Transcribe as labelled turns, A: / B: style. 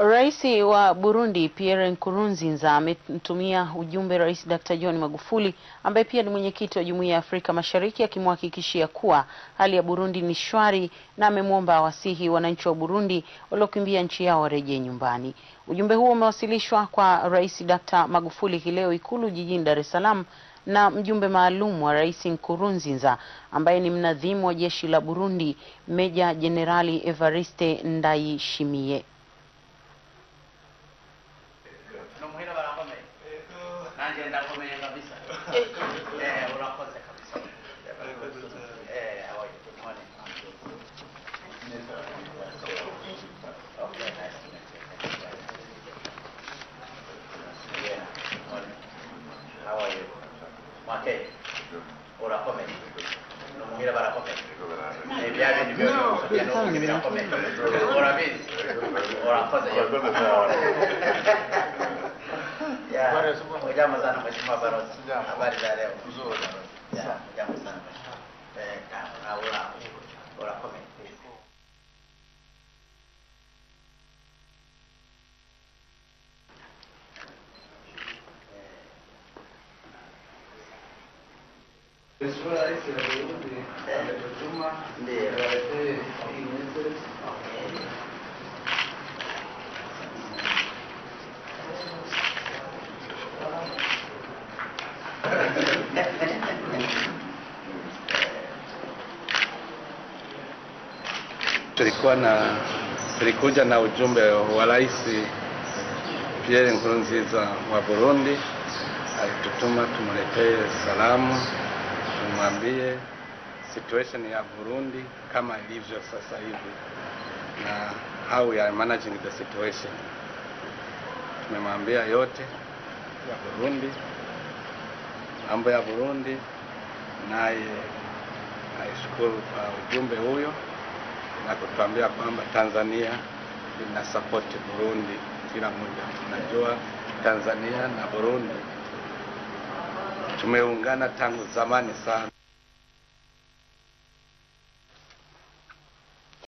A: Rais wa Burundi Pierre Nkurunziza amemtumia ujumbe Rais Dr. John Magufuli ambaye pia ni mwenyekiti wa Jumuiya ya Afrika Mashariki akimhakikishia kuwa hali ya Burundi ni shwari na amemwomba awasihi wananchi wa Burundi waliokimbia nchi yao warejee nyumbani. Ujumbe huo umewasilishwa kwa Rais Dr. Magufuli leo Ikulu jijini Dar es Salaam na mjumbe maalum wa Rais Nkurunziza ambaye ni mnadhimu wa jeshi la Burundi Meja Jenerali Evariste Ndayishimiye. Nomhila b a r a k o m e y Nanjye ndakomeye kabisa. Eh, urakoze kabisa. Eh, how are you? Good morning. Okay, nice to meet you. Yeah, good morning. How are you? Mate, urakomeye. Nomhila barakomeye. Eh, byagenda byose. Nomhila barakomeye. Urabizi. Urakoze. Urakoze. Hujambo sana mheshimiwa balozi,
B: habari za leo? Nzuri. Hujambo sana mheshimiwa. Eh, kama una una comment please. Mheshimiwa Rais amejituma ndio Tulikuwa na tulikuja na ujumbe wa Rais Pierre Nkurunziza wa Burundi, alitutuma tumletee salamu, tumwambie situation ya Burundi kama ilivyo sasa hivi na how we are managing the situation. Tumemwambia yote ya Burundi, mambo ya Burundi, naye aishukuru kwa ujumbe huyo na kutuambia kwamba Tanzania ina sapoti Burundi kila mmoja. Tunajua Tanzania na Burundi tumeungana tangu zamani sana.